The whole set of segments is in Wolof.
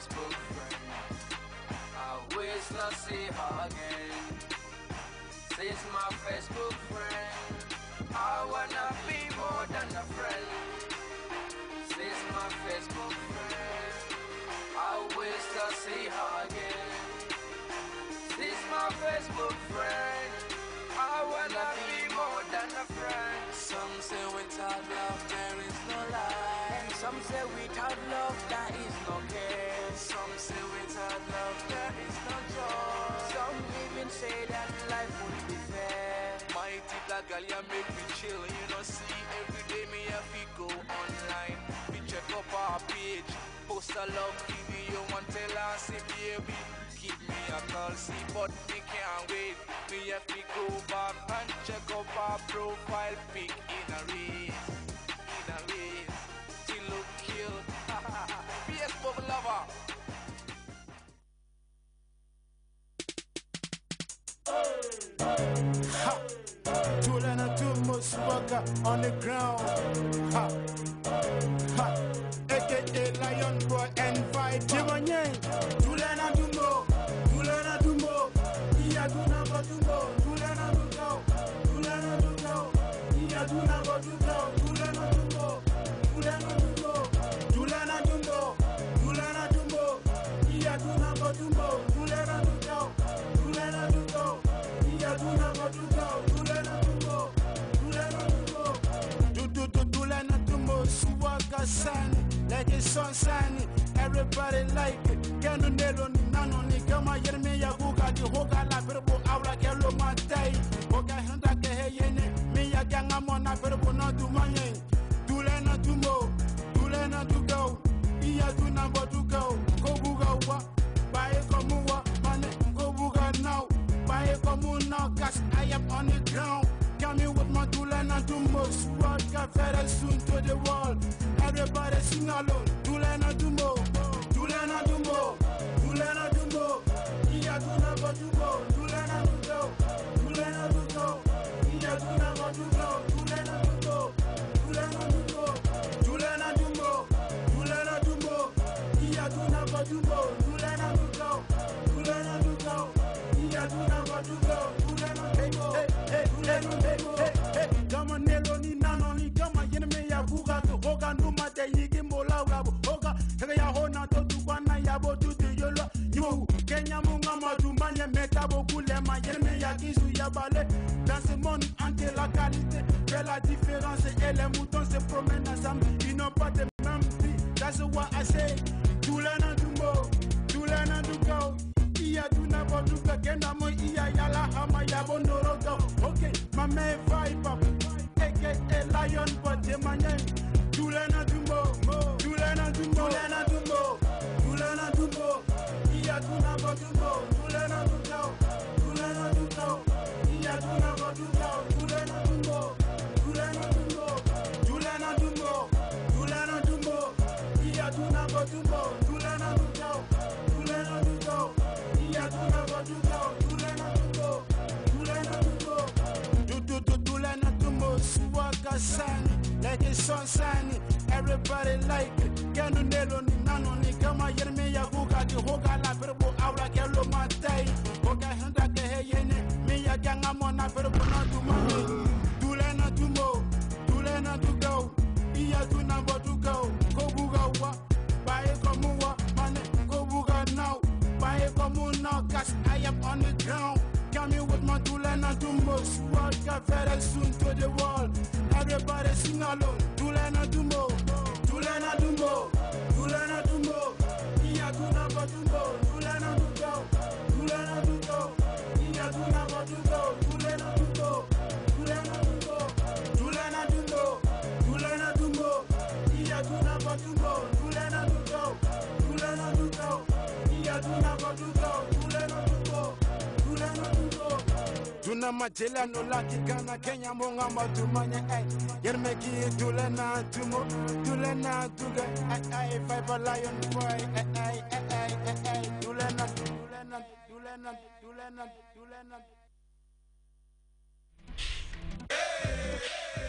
Facebook friend. I wish I see her again. She's my Facebook friend. I wanna be more than a friend. She's my Facebook friend. I wish I see her again. She's my Facebook friend. I wanna be more than a friend. Some say without love. chill, you know see Every day me have to go online We check up our page Post a love video and tell her say baby Give me a call, see but we can't wait Me have to go back and check up our profile pic in a race on the ground. Ha. Ha. AKA Lion Boy and Fight everybody like it nelo nano ni kama yerme ya guga di hoga la verbo awla kelo matai hoga henda ke heyene mi ya ganga mona verbo no du manye dule na du mo dule na du go iya du na bo du go ko buga wa bae ko mu wa mane ko buga now bae ko mu now cause I am on the ground coming with my dule na du mo swag got very soon to the world everybody sing along différence et les moutons se promènent ensemble. Ils n'ont pas de même prix. That's what I say. Okay, my man. everybody like kenu nelo ni nano ni kama yermiya kuka ki hoka la perbo awla kelo matai hoka hinda ke heyene ya ganga mona perbo na tumani dule na tumo dule na Go iya go. tukau kobuga wa bae komuwa mane kobuga now bae komu now cause I am on the ground coming with my dule na tumo swag ka very soon to the wall. everybody sing along dule na tumo can I do more? na majirani ulakikana Kenya mungamba tumanye eh, eh. ay yermeki tulena tumo tulena tuge eh, ay ay fiber lion boy ay ay ay ay ay ay tulena tulena tulena tulena tulena Hey!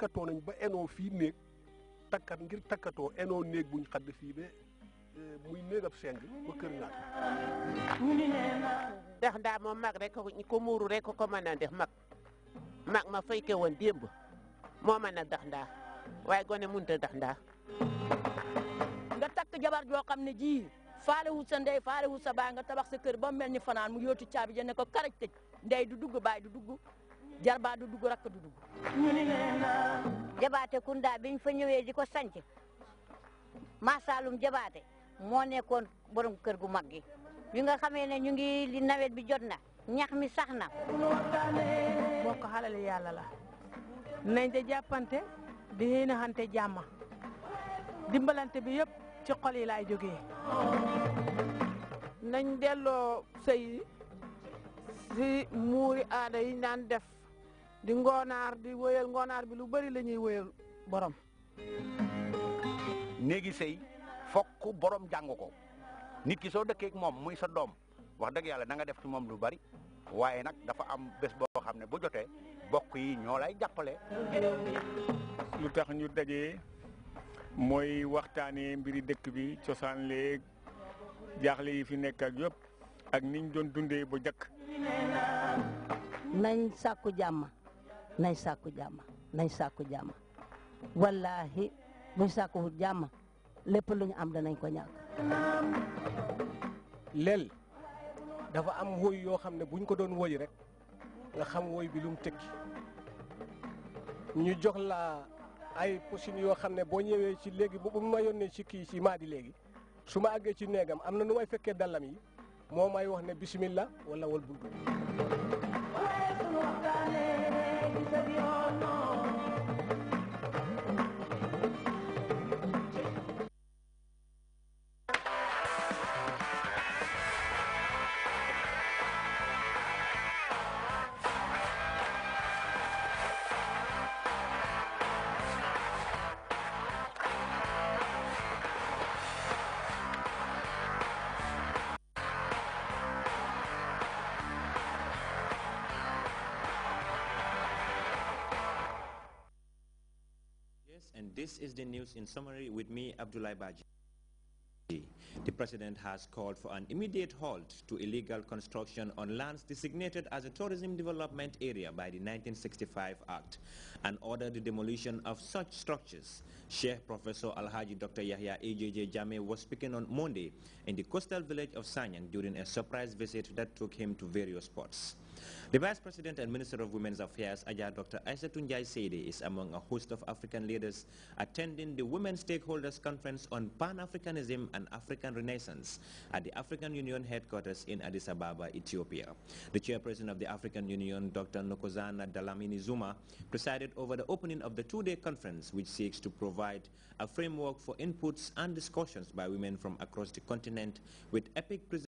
takkatoo nañ ba enoo fii néeg takkat ngir takkatoo enoo néeg buñ xadd fii ba euh, muy néeg ab ba kër ñaar ndax ndaa moom mag rek ko muuru rek ko mën a mag mag ma fay ke woon démb moo mën a dax ndaa waaye gone mun a dax ndaa nga takk jabar joo xam ne jii faale wut sa ndey faale wut sa nga tabax sa kër ba mel ni fanaan mu yóotu caabi ja ne ko karaj tëj ndey du dugg baay du dugg jarbaa du dugg rakk du dugg jabaate kunda biñ fa ñëwee di ko sanc masalum jabaate moo nekkoon borom kër gu mag gi bi nga xamee ne ñu ngi li nawet bi jot na ñax mi sax na bokk xalal yàlla la nañ de jàppante di xiinaxante jàmma dimbalante bi yépp ci xol yi laay jógee nañ delloo sëy si muuri aada yi naan def di ngoonaar di wéyal ngoonaar bi lu bari lañuy ñuy wéyal borom néegi sëy fokk borom jàng ko nit ki soo dëkkeek moom muy sa doom wax dëgg yàlla da def ci moom lu bari waaye nag dafa am bés boo xam ne bu jotee bokk yi ñoo lay jàppale lu tax ñu dajee mooy waxtaanee mbiri dëkk bi cosaan léeg jaaxle yi fi nekk yépp ak niñ doon dundee bu jëkk nañ sàkku jàmm nay sàkku jàmm nañ sàkku jàmm wallaahi buñ sàkku jàmm lépp lu am danañ ko ñàkk. lel dafa am woy yoo xam ne buñ ko doon woy rek nga xam woy bi lu mu ñu jox la ay pochines yoo xam ne boo ñëwee ci léegi bu ma yónnee ci kii ci maadi léegi su ma àggee ci néegam am na nu way fekkee dallam yi moo may wax ne bismillah wala wal buntu This is the news in summary with me, Abdullah Baji. The president has called for an immediate halt to illegal construction on lands designated as a tourism development area by the 1965 Act and ordered the demolition of such structures. Sheikh Professor Alhaji Dr. Yahya AJJ Jame was speaking on Monday in the coastal village of Sanyang during a surprise visit that took him to various spots. The Vice President and Minister of Women's Affairs, Aja Dr. Aisetun Jai is among a host of African leaders attending the Women's Stakeholders Conference on Pan-Africanism and African Renaissance at the African Union headquarters in Addis Ababa, Ethiopia. The chairperson of the African Union, Dr. Nokozana Dlamini Zuma, presided over the opening of the two-day conference, which seeks to provide a framework for inputs and discussions by women from across the continent with epic